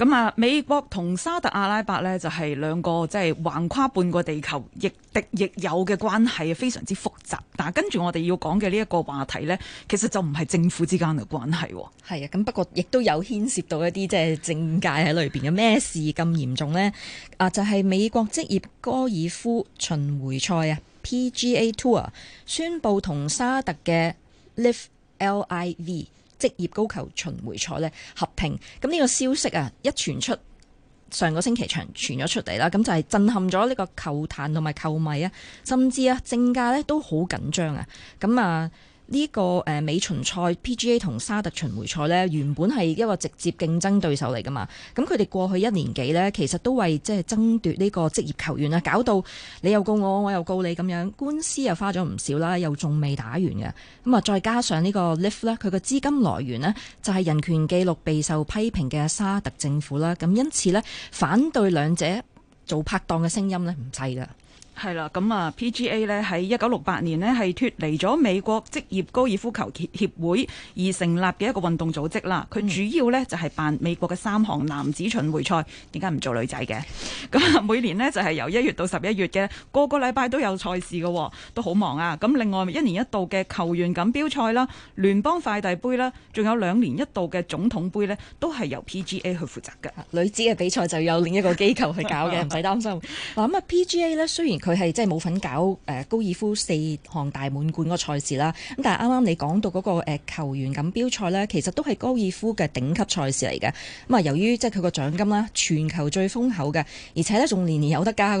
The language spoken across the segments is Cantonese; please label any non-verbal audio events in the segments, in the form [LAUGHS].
咁啊，美國同沙特阿拉伯呢，就係兩個即係橫跨半個地球，亦敵亦友嘅關係，非常之複雜。但，跟住我哋要講嘅呢一個話題呢，其實就唔係政府之間嘅關係。係啊，咁不過亦都有牽涉到一啲即係政界喺裏邊嘅咩事咁嚴重呢？啊，就係、是、美國職業高爾夫巡迴賽啊 （PGA Tour） 宣布同沙特嘅 LIV。e 職業高球巡迴賽咧合併，咁呢個消息啊一傳出，上個星期場傳咗出嚟啦，咁就係震撼咗呢個球壇同埋球迷啊，甚至啊政界呢都好緊張啊，咁啊。呢個誒美巡賽 PGA 同沙特巡迴賽呢，原本係一個直接競爭對手嚟噶嘛。咁佢哋過去一年幾呢，其實都為即係爭奪呢個職業球員啊，搞到你又告我，我又告你咁樣，官司又花咗唔少啦，又仲未打完嘅。咁啊，再加上呢個 LIV 呢，佢個資金來源呢，就係人權記錄備受批評嘅沙特政府啦。咁因此呢，反對兩者做拍檔嘅聲音呢，唔細啦。係啦，咁啊 PGA 咧，喺一九六八年咧，係脫離咗美國職業高爾夫球協協會而成立嘅一個運動組織啦。佢、嗯、主要咧就係辦美國嘅三項男子巡迴賽，點解唔做女仔嘅？咁 [LAUGHS] 每年咧就係由一月到十一月嘅，個個禮拜都有賽事嘅、哦，都好忙啊。咁另外，一年一度嘅球員錦標賽啦、聯邦快遞杯啦，仲有兩年一度嘅總統杯咧，都係由 PGA 去負責嘅。女子嘅比賽就有另一個機構去搞嘅，唔使擔心。嗱咁啊 PGA 咧，雖然佢係即係冇份搞誒高爾夫四項大滿貫個賽事啦，咁但係啱啱你講到嗰個誒球員錦標賽呢，其實都係高爾夫嘅頂級賽事嚟嘅。咁啊，由於即係佢個獎金啦，全球最豐厚嘅，而且咧仲年年有得加嘅。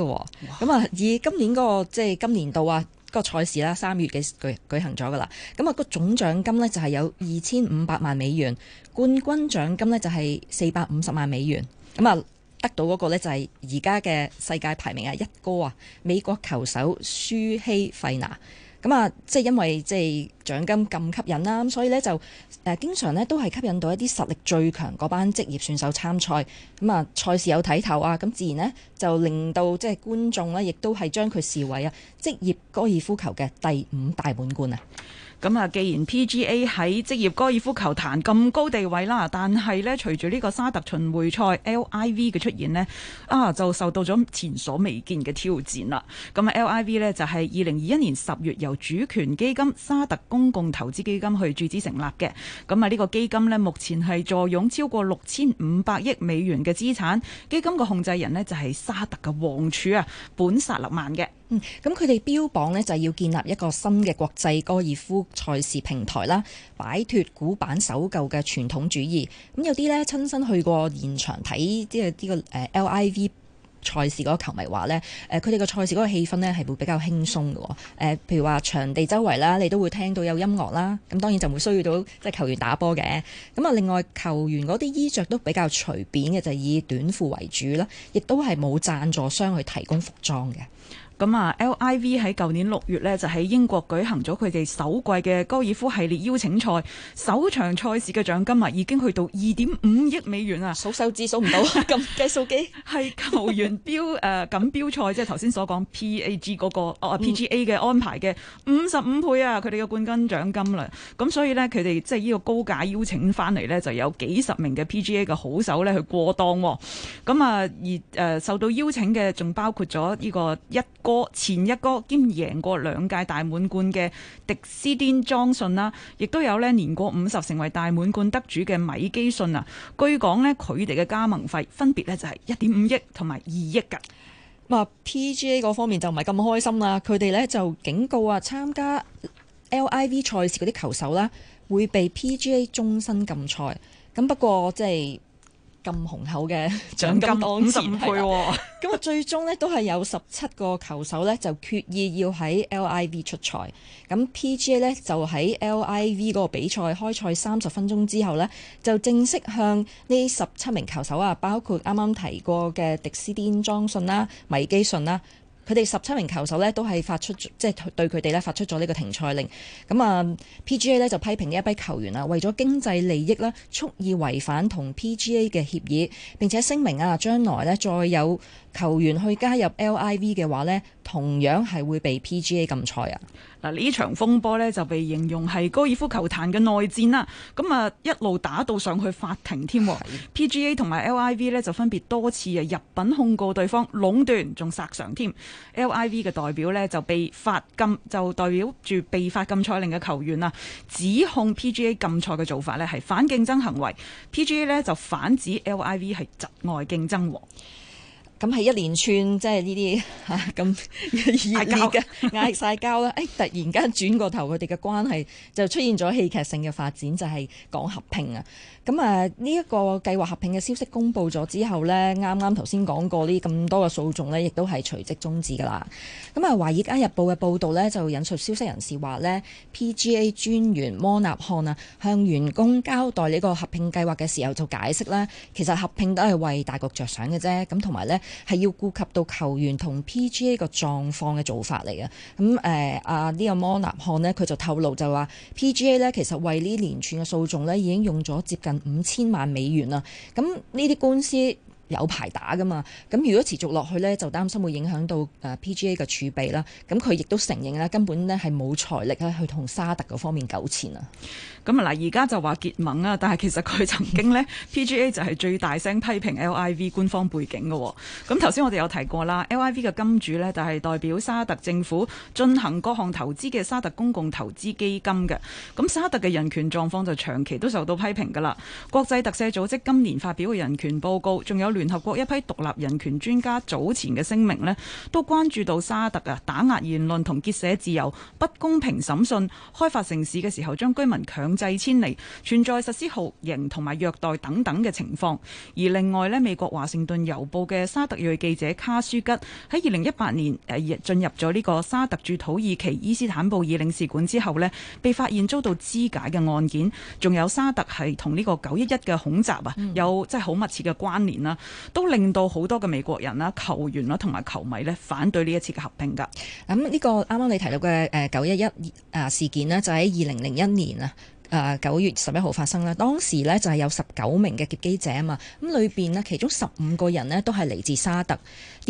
咁啊，以今年嗰個即係今年度啊，嗰個賽事啦，三月嘅舉舉行咗噶啦。咁啊，個總獎金呢，就係有二千五百萬美元，冠軍獎金呢，就係四百五十萬美元。咁啊。得到嗰個咧，就係而家嘅世界排名啊一哥啊，美國球手舒希費娜。咁啊，即係因為即係獎金咁吸引啦，咁所以呢，就誒經常呢都係吸引到一啲實力最強嗰班職業選手參賽，咁啊，賽事有睇頭啊，咁自然呢，就令到即係觀眾呢，亦都係將佢視為啊職業高爾夫球嘅第五大滿貫啊！咁啊，既然 PGA 喺職業高爾夫球壇咁高地位啦，但係呢隨住呢個沙特巡迴賽 LIV 嘅出現呢啊就受到咗前所未見嘅挑戰啦。咁啊，LIV 呢就係二零二一年十月由主權基金沙特公共投資基金去注資成立嘅。咁啊，呢個基金呢目前係坐擁超過六千五百億美元嘅資產。基金嘅控制人呢就係沙特嘅王儲啊本薩勒曼嘅。嗯，咁佢哋標榜呢，就係要建立一個新嘅國際高爾夫賽事平台啦，擺脱古板守舊嘅傳統主義。咁有啲呢親身去過現場睇，即係呢個 LIV 賽事嗰個球迷話呢，佢哋個賽事嗰個氣氛呢係會比較輕鬆嘅喎。譬如話場地周圍啦，你都會聽到有音樂啦。咁當然就唔會需要到即係球員打波嘅。咁啊，另外球員嗰啲衣着都比較隨便嘅，就以短褲為主啦，亦都係冇贊助商去提供服裝嘅。咁啊，LIV 喺舊年六月咧就喺英國舉行咗佢哋首季嘅高爾夫系列邀請賽，首場賽事嘅獎金啊，已經去到二點五億美元啊！數手指數唔到，咁計數機係球員標誒、呃、錦標賽， [LAUGHS] 即係頭先所講 PAG 嗰、嗰個哦 PGA 嘅安排嘅五十五倍啊，佢哋嘅冠軍獎金啦。咁所以呢，佢哋即係呢個高價邀請翻嚟呢，就有幾十名嘅 PGA 嘅好手呢去過當、哦。咁啊而誒、呃、受到邀請嘅仲包括咗呢個一。前一哥兼贏過兩屆大滿貫嘅迪斯丁莊信啦，亦都有咧年過五十成為大滿貫得主嘅米基信。啊。據講咧，佢哋嘅加盟費分別咧就係一點五億同埋二億噶。啊，PGA 嗰方面就唔係咁開心啦，佢哋咧就警告啊，參加 LIV 賽事嗰啲球手啦，會被 PGA 終身禁賽。咁不過即係。咁雄厚嘅獎，獎金，當十五倍喎、哦。咁啊，最終呢都係有十七個球手呢就決意要喺 LIV 出賽。咁 PGA 呢就喺 LIV 嗰個比賽開賽三十分鐘之後呢，就正式向呢十七名球手啊，包括啱啱提過嘅迪斯丁莊遜啦、米基遜啦。佢哋十七名球手咧都係發出即係、就是、對佢哋咧發出咗呢個停賽令。咁啊，PGA 咧就批評呢一批球員啊，為咗經濟利益啦，蓄意違反同 PGA 嘅協議。並且聲明啊，將來呢再有球員去加入 LIV 嘅話呢，同樣係會被 PGA 禁賽啊。嗱，呢場風波呢就被形容係高爾夫球壇嘅內戰啦。咁啊，一路打到上去法庭添。PGA 同埋 LIV 呢，就分別多次啊入稟控告對方壟斷，仲殺傷添。LIV 嘅代表咧就被發禁，就代表住被發禁賽令嘅球員啦，指控 PGA 禁賽嘅做法咧係反競爭行為。PGA 咧就反指 LIV 係窒礙競爭王。咁係一連串即係呢啲咁熱烈嘅嗌晒交啦！誒，突然間轉過頭，佢哋嘅關係就出現咗戲劇性嘅發展，就係、是、講合併啊！咁啊，呢一個計劃合併嘅消息公布咗之後呢，啱啱頭先講過呢咁多嘅訴訟呢，亦都係隨即中止㗎啦。咁啊，華爾街日報嘅報導呢，就引述消息人士話呢 PGA 專員摩納漢啊，向員工交代呢個合併計劃嘅時候就解釋啦，其實合併都係為大局着想嘅啫。咁同埋呢。係要顧及到球員同 PGA 個狀況嘅做法嚟嘅。咁誒、呃、啊，呢、這個摩納漢呢，佢就透露就話 PGA 呢，其實為呢連串嘅訴訟呢，已經用咗接近五千萬美元啦。咁呢啲官司。有排打噶嘛？咁如果持續落去呢，就擔心會影響到誒 PGA 嘅儲備啦。咁佢亦都承認啦，根本呢係冇財力去同沙特嗰方面糾纏啊。咁啊嗱，而家就話結盟啊，但係其實佢曾經呢 PGA 就係最大聲批評 LIV 官方背景嘅。咁頭先我哋有提過啦 [LAUGHS] ，LIV 嘅金主呢，就係代表沙特政府進行各項投資嘅沙特公共投資基金嘅。咁沙特嘅人權狀況就長期都受到批評噶啦。國際特赦組織今年發表嘅人權報告，仲有，聯合國一批獨立人權專家早前嘅聲明咧，都關注到沙特啊打壓言論同結社自由、不公平審訊、開發城市嘅時候將居民強制遷離、存在實施酷刑同埋虐待等等嘅情況。而另外咧，美國華盛頓郵報嘅沙特裔記者卡舒吉喺二零一八年誒進入咗呢個沙特駐土耳其伊斯坦布爾領事館之後咧，被發現遭到肢解嘅案件，仲有沙特係同呢個九一一嘅恐襲啊，有即係好密切嘅關聯啦、啊。都令到好多嘅美國人啦、球員啦同埋球迷咧反對呢一次嘅合併噶。咁、嗯、呢、這個啱啱你提到嘅誒九一一誒事件呢，就喺二零零一年啊，誒九月十一號發生啦。當時呢，就係有十九名嘅劫機者啊嘛，咁裏邊呢，其中十五個人呢，都係嚟自沙特。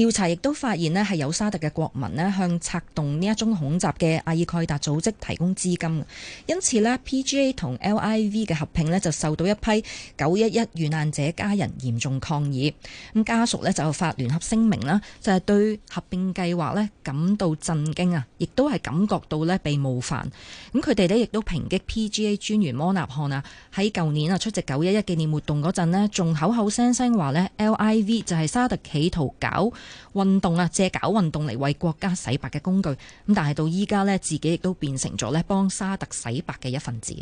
調查亦都發現呢係有沙特嘅國民呢向策動呢一宗恐襲嘅阿爾蓋達組織提供資金，因此呢 PGA 同 LIV 嘅合併呢，就受到一批九一一遇難者家人嚴重抗議。咁家屬呢，就發聯合聲明啦，就係對合併計劃呢感到震驚啊，亦都係感覺到呢被冒犯。咁佢哋呢，亦都抨擊 PGA 專員摩納漢啊，喺舊年啊出席九一一紀念活動嗰陣呢，仲口口聲聲話呢 LIV 就係沙特企圖搞。運動啊，借搞運動嚟為國家洗白嘅工具咁，但係到依家呢，自己亦都變成咗呢幫沙特洗白嘅一份子。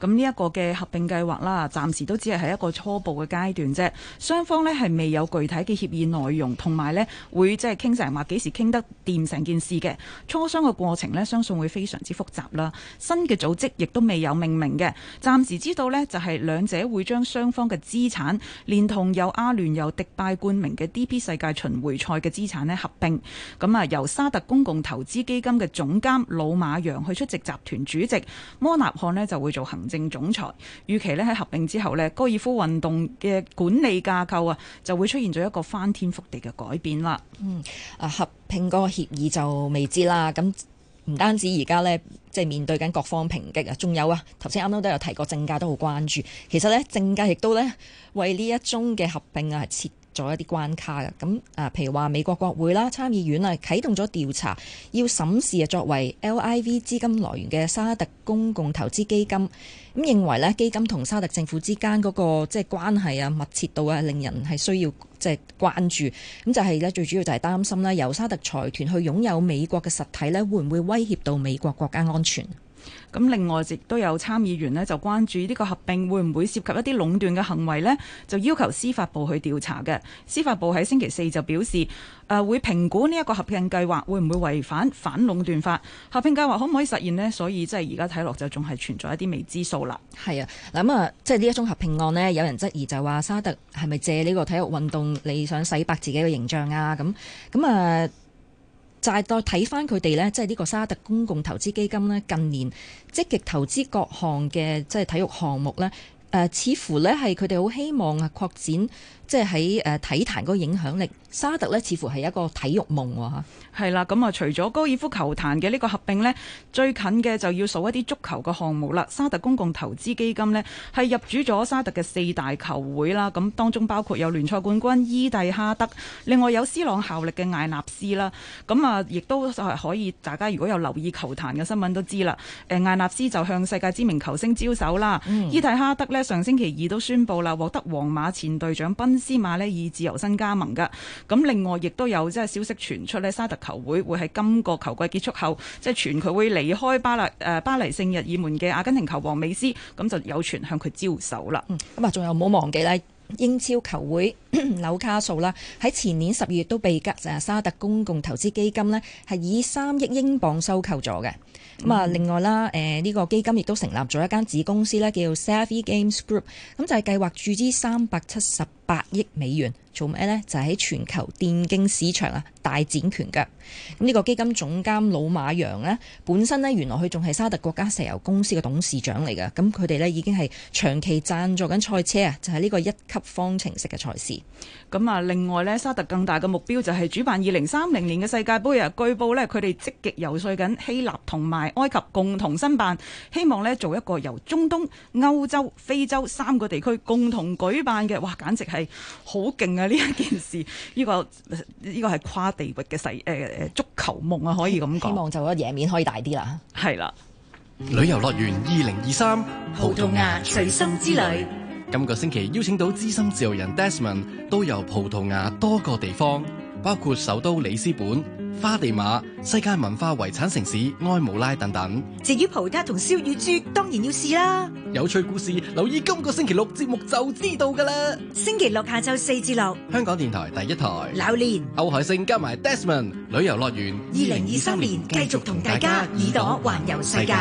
咁呢一個嘅合併計劃啦，暫時都只係喺一個初步嘅階段啫。雙方呢係未有具體嘅協議內容，同埋呢會即係傾成話幾時傾得掂成件事嘅。磋商嘅過程呢，相信會非常之複雜啦。新嘅組織亦都未有命名嘅。暫時知道呢，就係、是、兩者會將雙方嘅資產，連同有阿聯有迪拜冠名嘅 DP 世界巡迴賽嘅資產呢合併。咁啊，由沙特公共投資基金嘅總監老馬揚去出席集團主席，摩納漢呢就會做做行政總裁預期呢，喺合併之後呢，高爾夫運動嘅管理架構啊，就會出現咗一個翻天覆地嘅改變啦。嗯，啊，合併嗰個協議就未知啦。咁唔單止而家呢，即係面對緊各方抨擊啊，仲有啊，頭先啱啱都有提過政界都好關注。其實呢，政界亦都呢為呢一宗嘅合併啊，係設。做一啲關卡嘅咁啊，譬如話美國國會啦、參議院啊，啟動咗調查，要審視啊作為 LIV 資金來源嘅沙特公共投資基金，咁認為咧基金同沙特政府之間嗰個即係關係啊，密切度啊，令人係需要即係關注，咁就係咧最主要就係擔心咧，由沙特財團去擁有美國嘅實體咧，會唔會威脅到美國國家安全？咁另外亦都有參議員呢，就關注呢個合併會唔會涉及一啲壟斷嘅行為呢，就要求司法部去調查嘅。司法部喺星期四就表示，誒、呃、會評估呢一個合併計劃會唔會違反反壟斷法，合併計劃可唔可以實現呢？所以即係而家睇落就仲係存在一啲未知數啦。係啊，嗱咁啊，即係呢一宗合併案呢，有人質疑就話沙特係咪借呢個體育運動嚟想洗白自己嘅形象啊？咁咁啊。就係、是、再睇翻佢哋咧，即係呢個沙特公共投資基金咧，近年積極投資各項嘅即係體育項目咧、呃，似乎咧係佢哋好希望啊擴展。即係喺誒體壇嗰個影響力，沙特呢似乎係一個體育夢嚇。係啦，咁啊除咗高爾夫球壇嘅呢個合併呢，最近嘅就要數一啲足球嘅項目啦。沙特公共投資基金呢係入主咗沙特嘅四大球會啦，咁當中包括有聯賽冠軍伊蒂哈德，另外有斯朗效力嘅艾納斯啦，咁啊亦都可以大家如果有留意球壇嘅新聞都知啦。誒艾納斯就向世界知名球星招手啦、嗯。伊蒂哈德呢，上星期二都宣布啦，獲得皇馬前隊長賓斯馬咧以自由身加盟噶，咁另外亦都有即係消息傳出咧，沙特球會會喺今個球季結束後，即係傳佢會離開巴勒誒巴黎聖日耳門嘅阿根廷球王美斯，咁就有傳向佢招手啦。咁、嗯、啊，仲有唔好忘記咧，英超球會紐 [COUGHS] 卡素啦，喺前年十月都被格誒沙特公共投資基金咧係以三億英鎊收購咗嘅。咁、嗯、啊，另外啦，誒、這、呢個基金亦都成立咗一間子公司咧，叫 Savvy Games Group，咁就係計劃注資三百七十。百億美元做咩呢？就係喺全球電競市場啊，大展拳腳。咁呢個基金總監老馬楊呢，本身呢，原來佢仲係沙特國家石油公司嘅董事長嚟嘅。咁佢哋呢，已經係長期贊助緊賽車啊，就係呢個一級方程式嘅賽事。咁啊，另外呢，沙特更大嘅目標就係主辦二零三零年嘅世界盃啊。據報呢，佢哋積極游說緊希臘同埋埃及共同申辦，希望呢，做一個由中東、歐洲、非洲三個地區共同舉辦嘅，哇！簡直係～哎、好勁啊！呢一件事，呢、這個呢、這個係跨地域嘅世誒足球夢啊！可以咁講，希望就個贏面可以大啲啦。係啦，旅遊樂園二零二三葡萄牙隨心之旅。今個星期邀請到資深自由人 Desmond，都由葡萄牙多個地方。包括首都里斯本、花地瑪、世界文化遺產城市埃姆拉等等。至於葡撻同燒乳豬，當然要試啦。有趣故事，留意今個星期六節目就知道噶啦。星期六下晝四至六，香港電台第一台。流年、歐海星加埋 Desmond，旅遊樂園。二零二三年繼續同大家耳朵環遊世界。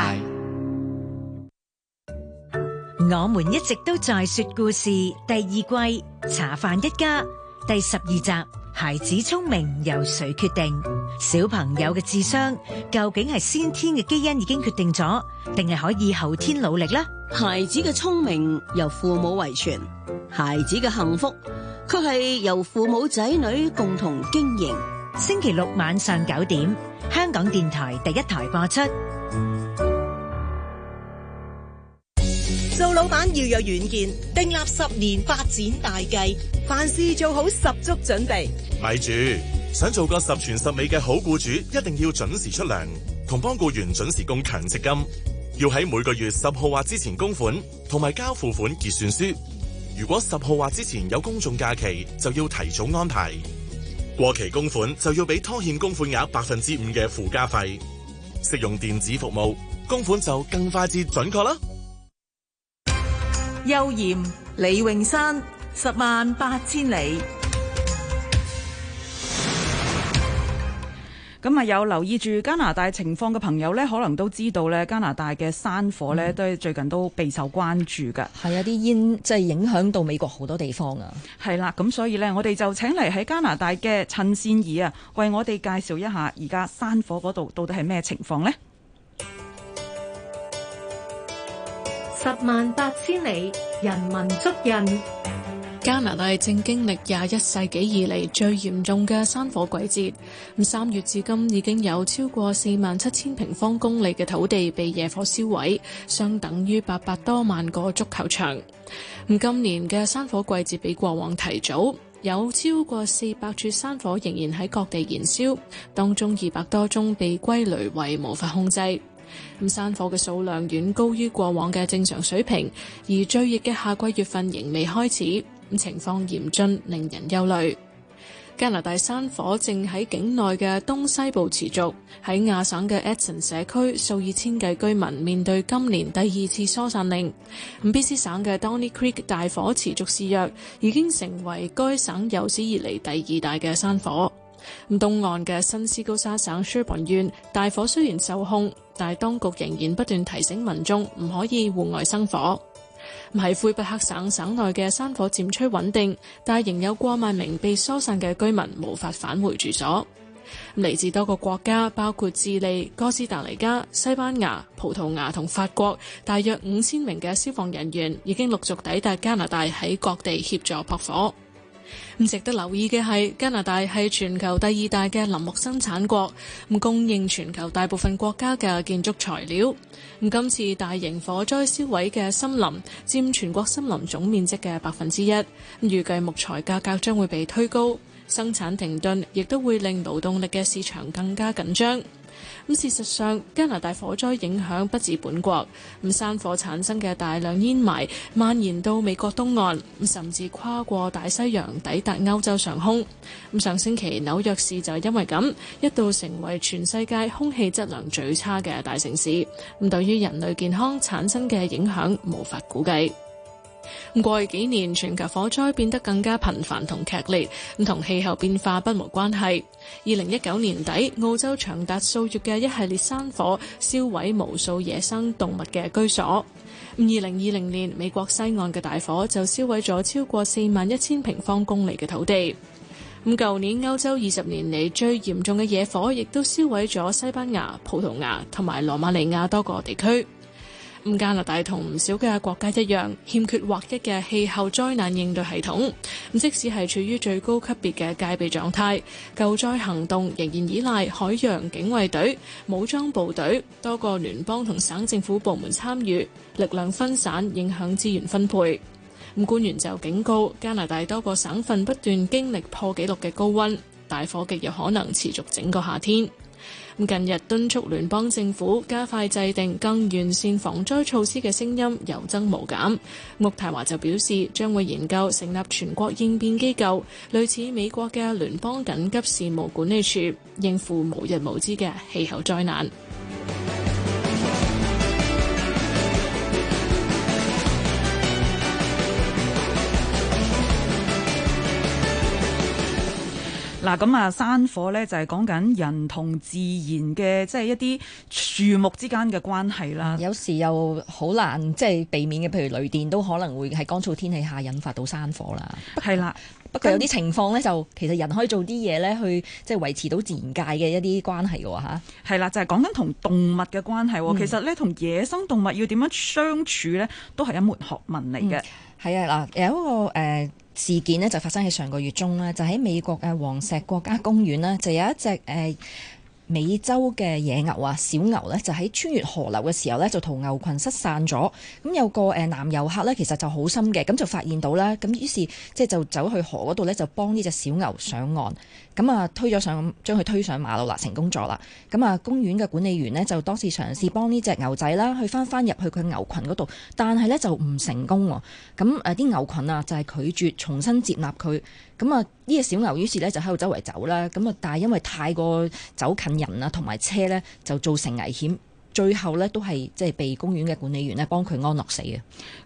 我們一直都在說故事第二季，茶飯一家。第十二集，孩子聰明由誰決定？小朋友嘅智商，究竟係先天嘅基因已經決定咗，定係可以後天努力咧？孩子嘅聰明由父母遺傳，孩子嘅幸福卻係由父母仔女共同經營。星期六晚上九點，香港電台第一台播出。老闆要有遠見，訂立十年發展大計，凡事做好十足準備。咪住想做個十全十美嘅好雇主，一定要準時出糧，同幫雇員準時供強積金。要喺每個月十號或之前供款，同埋交付款結算書。如果十號或之前有公眾假期，就要提早安排。過期供款就要俾拖欠供款額百分之五嘅附加費。使用電子服務，供款就更快捷準確啦。邱艷、李榮山，十萬八千里。咁啊，有留意住加拿大情況嘅朋友呢，可能都知道呢加拿大嘅山火咧，都、嗯、最近都備受關注噶。係啊，啲煙即係影響到美國好多地方啊。係啦、啊，咁所以呢，我哋就請嚟喺加拿大嘅陳善宜啊，為我哋介紹一下而家山火嗰度到底係咩情況呢？十萬八千里，人文足印。加拿大正經歷廿一世紀以嚟最嚴重嘅山火季節。三月至今已經有超過四萬七千平方公里嘅土地被野火燒毀，相等於八百多萬個足球場。今年嘅山火季節比過往提早，有超過四百處山火仍然喺各地燃燒，當中二百多宗被歸類為無法控制。咁山火嘅數量遠高於過往嘅正常水平，而最熱嘅夏季月份仍未開始，咁情況嚴峻，令人憂慮。加拿大山火正喺境內嘅東西部持續，喺亞省嘅 Edson 社區數以千計居民面對今年第二次疏散令。咁 BC 省嘅 Donny Creek 大火持續肆虐，已經成為該省有史以嚟第二大嘅山火。咁東岸嘅新斯高沙省 Shelburne 縣大火雖然受控。但當局仍然不斷提醒民眾唔可以戶外生火。喺魁北克省，省內嘅山火漸趨穩定，但係仍有過萬名被疏散嘅居民無法返回住所。嚟自多個國家，包括智利、哥斯達黎加、西班牙、葡萄牙同法國，大約五千名嘅消防人員已經陸續抵達加拿大，喺各地協助撲火。值得留意嘅係，加拿大係全球第二大嘅林木生產國，供應全球大部分國家嘅建築材料。咁今次大型火災燒毀嘅森林，佔全國森林總面積嘅百分之一。預計木材價格將會被推高，生產停頓亦都會令勞動力嘅市場更加緊張。咁事實上，加拿大火災影響不止本國，咁山火產生嘅大量煙霾蔓延到美國東岸，甚至跨過大西洋抵達歐洲上空。咁上星期紐約市就因為咁一度成為全世界空氣質量最差嘅大城市，咁對於人類健康產生嘅影響無法估計。過去幾年，全球火災變得更加頻繁同劇烈，同氣候變化不無關係。二零一九年底，澳洲長達數月嘅一系列山火，燒毀無數野生動物嘅居所。二零二零年，美國西岸嘅大火就燒毀咗超過四萬一千平方公里嘅土地。咁舊年歐洲二十年嚟最嚴重嘅野火，亦都燒毀咗西班牙、葡萄牙同埋羅馬尼亞多個地區。咁加拿大同唔少嘅國家一樣，欠缺劃一嘅氣候災難應對系統，咁即使係處於最高級別嘅戒備狀態，救災行動仍然依賴海洋警衛隊、武裝部隊、多個聯邦同省政府部門參與，力量分散影響資源分配。咁官員就警告加拿大多個省份不斷經歷破紀錄嘅高溫，大火極有可能持續整個夏天。近日敦促聯邦政府加快制定更完善防災措施嘅聲音有增無減，穆泰華就表示，將會研究成立全國應變機構，類似美國嘅聯邦緊急事務管理處應付無日無之嘅氣候災難。嗱咁啊，山火咧就係講緊人同自然嘅即係一啲樹木之間嘅關係啦。有時又好難即係、就是、避免嘅，譬如雷電都可能會喺乾燥天氣下引發到山火啦。係啦，不過有啲情況咧，就其實人可以做啲嘢咧，去即係維持到自然界嘅一啲關係嘅吓，係啦，就係講緊同動物嘅關係喎、嗯。其實咧，同野生動物要點樣相處咧，都係一門學問嚟嘅。嗯。係啊，嗱，有一個誒、呃、事件呢，就發生喺上個月中啦。就喺美國嘅黃石國家公園咧，就有一隻誒、呃、美洲嘅野牛啊，小牛呢，就喺穿越河流嘅時候呢，就同牛群失散咗。咁有個誒男遊客呢，其實就好心嘅，咁就發現到啦。咁於是即係就走去河嗰度呢，就幫呢隻小牛上岸。咁啊，推咗上，將佢推上馬路啦，成功咗啦。咁啊，公園嘅管理員呢，就多次嘗試幫呢隻牛仔啦，去翻翻入去佢牛群嗰度，但係呢就唔成功。咁啊，啲牛群啊就係、是、拒絕重新接納佢。咁啊，呢、這、隻、個、小牛於是呢，就喺度周圍走啦。咁啊，但係因為太過走近人啊，同埋車呢，就造成危險。最後咧，都係即係被公園嘅管理員咧，幫佢安樂死嘅。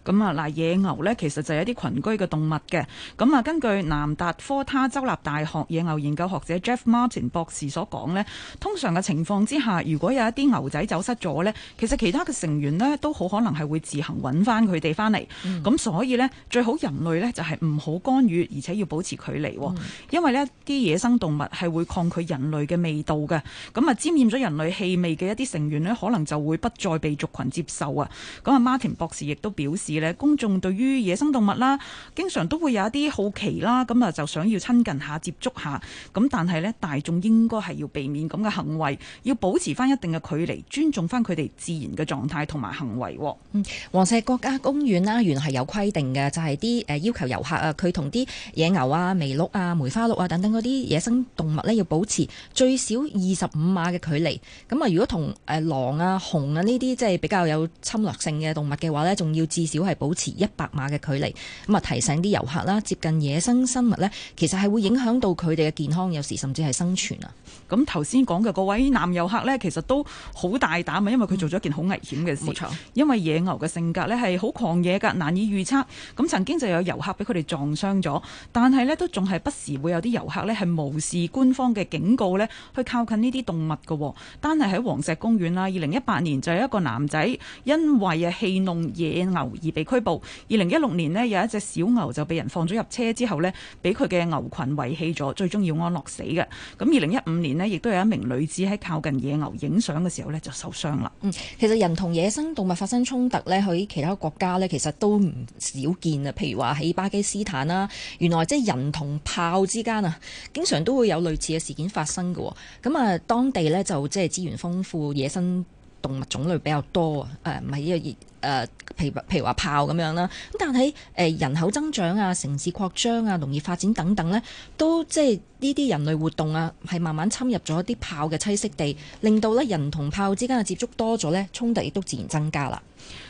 咁啊嗱，野牛咧其實就係一啲群居嘅動物嘅。咁啊，根據南達科他州立大學野牛研究學者 Jeff Martin 博士所講咧，通常嘅情況之下，如果有一啲牛仔走失咗咧，其實其他嘅成員咧，都好可能係會自行揾翻佢哋翻嚟。咁、嗯、所以咧，最好人類咧就係唔好干預，而且要保持距離、嗯，因為呢啲野生動物係會抗拒人類嘅味道嘅。咁啊，沾染咗人類氣味嘅一啲成員咧，可能。就會不再被族群接受啊！咁啊，Martin 博士亦都表示呢，公眾對於野生動物啦、啊，經常都會有一啲好奇啦、啊，咁啊就想要親近下、接觸下。咁但係呢，大眾應該係要避免咁嘅行為，要保持翻一定嘅距離，尊重翻佢哋自然嘅狀態同埋行為、啊。嗯，黃石國家公園啦、啊，原來係有規定嘅，就係啲誒要求遊客啊，佢同啲野牛啊、麋鹿啊、梅花鹿啊等等嗰啲野生動物呢、啊，要保持最少二十五碼嘅距離。咁、呃、啊，如果同誒狼啊啊，熊啊，呢啲即係比較有侵略性嘅動物嘅話呢，仲要至少係保持一百碼嘅距離。咁啊，提醒啲遊客啦，接近野生生物呢，其實係會影響到佢哋嘅健康，有時甚至係生存啊。咁頭先講嘅嗰位男遊客呢，其實都好大膽啊，因為佢做咗一件好危險嘅事。冇錯，因為野牛嘅性格呢，係好狂野㗎，難以預測。咁曾經就有遊客俾佢哋撞傷咗，但係呢，都仲係不時會有啲遊客呢，係無視官方嘅警告呢，去靠近呢啲動物嘅。單係喺黃石公園啦，一八年就有一個男仔因為啊戲弄野牛而被拘捕。二零一六年有一隻小牛就被人放咗入車之後咧，俾佢嘅牛群遺棄咗，最終要安樂死嘅。咁二零一五年咧，亦都有一名女子喺靠近野牛影相嘅時候就受傷啦。嗯，其實人同野生動物發生衝突咧，喺其他國家其實都唔少見啊。譬如話喺巴基斯坦啦，原來即係人同豹之間啊，經常都會有類似嘅事件發生嘅。咁啊，當地就即係資源豐富，野生動物種類比較多啊，誒唔係呢個熱誒，譬如譬如話豹咁樣啦，咁但係誒人口增長啊、城市擴張啊、農業發展等等呢都即係呢啲人類活動啊，係慢慢侵入咗啲豹嘅棲息地，令到咧人同豹之間嘅接觸多咗呢，衝突亦都自然增加啦。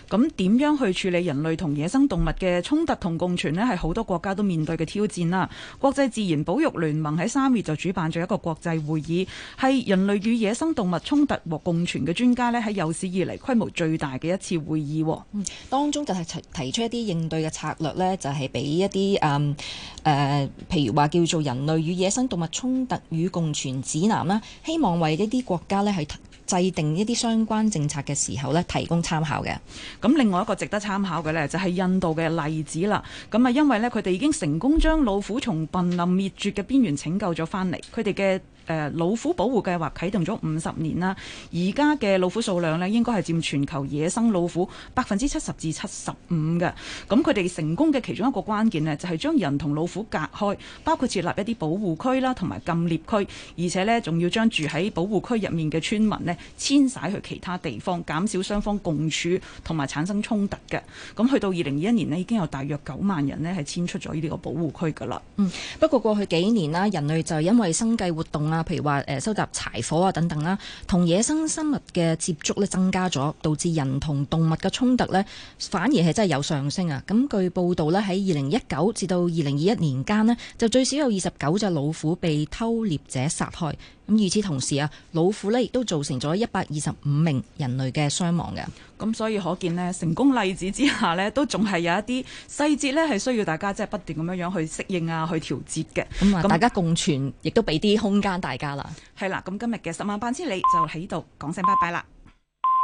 咁點樣去處理人類同野生動物嘅衝突同共存呢？係好多國家都面對嘅挑戰啦。國際自然保育聯盟喺三月就主辦咗一個國際會議，係人類與野生動物衝突和共存嘅專家呢，喺有史以嚟規模最大嘅一次會議。當中就係提出一啲應對嘅策略呢，就係、是、俾一啲誒誒，譬如話叫做人類與野生動物衝突與共存指南啦，希望為一啲國家呢。係。制定一啲相關政策嘅時候呢，提供參考嘅。咁另外一個值得參考嘅呢，就係印度嘅例子啦。咁啊，因為呢，佢哋已經成功將老虎從瀕臨滅絕嘅邊緣拯救咗翻嚟，佢哋嘅。誒，老虎保護計劃啟動咗五十年啦，而家嘅老虎數量呢，應該係佔全球野生老虎百分之七十至七十五嘅。咁佢哋成功嘅其中一個關鍵呢，就係將人同老虎隔開，包括設立一啲保護區啦，同埋禁獵區，而且呢，仲要將住喺保護區入面嘅村民呢，遷徙去其他地方，減少雙方共處同埋產生衝突嘅。咁去到二零二一年呢，已經有大約九萬人呢係遷出咗呢個保護區㗎啦。嗯，不過過去幾年啦，人類就因為生計活動。啊，譬如話誒，收集柴火啊，等等啦，同野生生物嘅接觸咧增加咗，導致人同動物嘅衝突咧反而係真係有上升啊。咁據報道咧，喺二零一九至到二零二一年間咧，就最少有二十九隻老虎被偷獵者殺害。咁與此同時啊，老虎呢亦都造成咗一百二十五名人類嘅傷亡嘅。咁所以可見呢，成功例子之下呢，都仲係有一啲細節呢係需要大家即係不斷咁樣樣去適應啊，去調節嘅。咁啊，大家共存亦都俾啲空間大家啦。係啦，咁今日嘅十萬八千里就喺度講聲拜拜啦。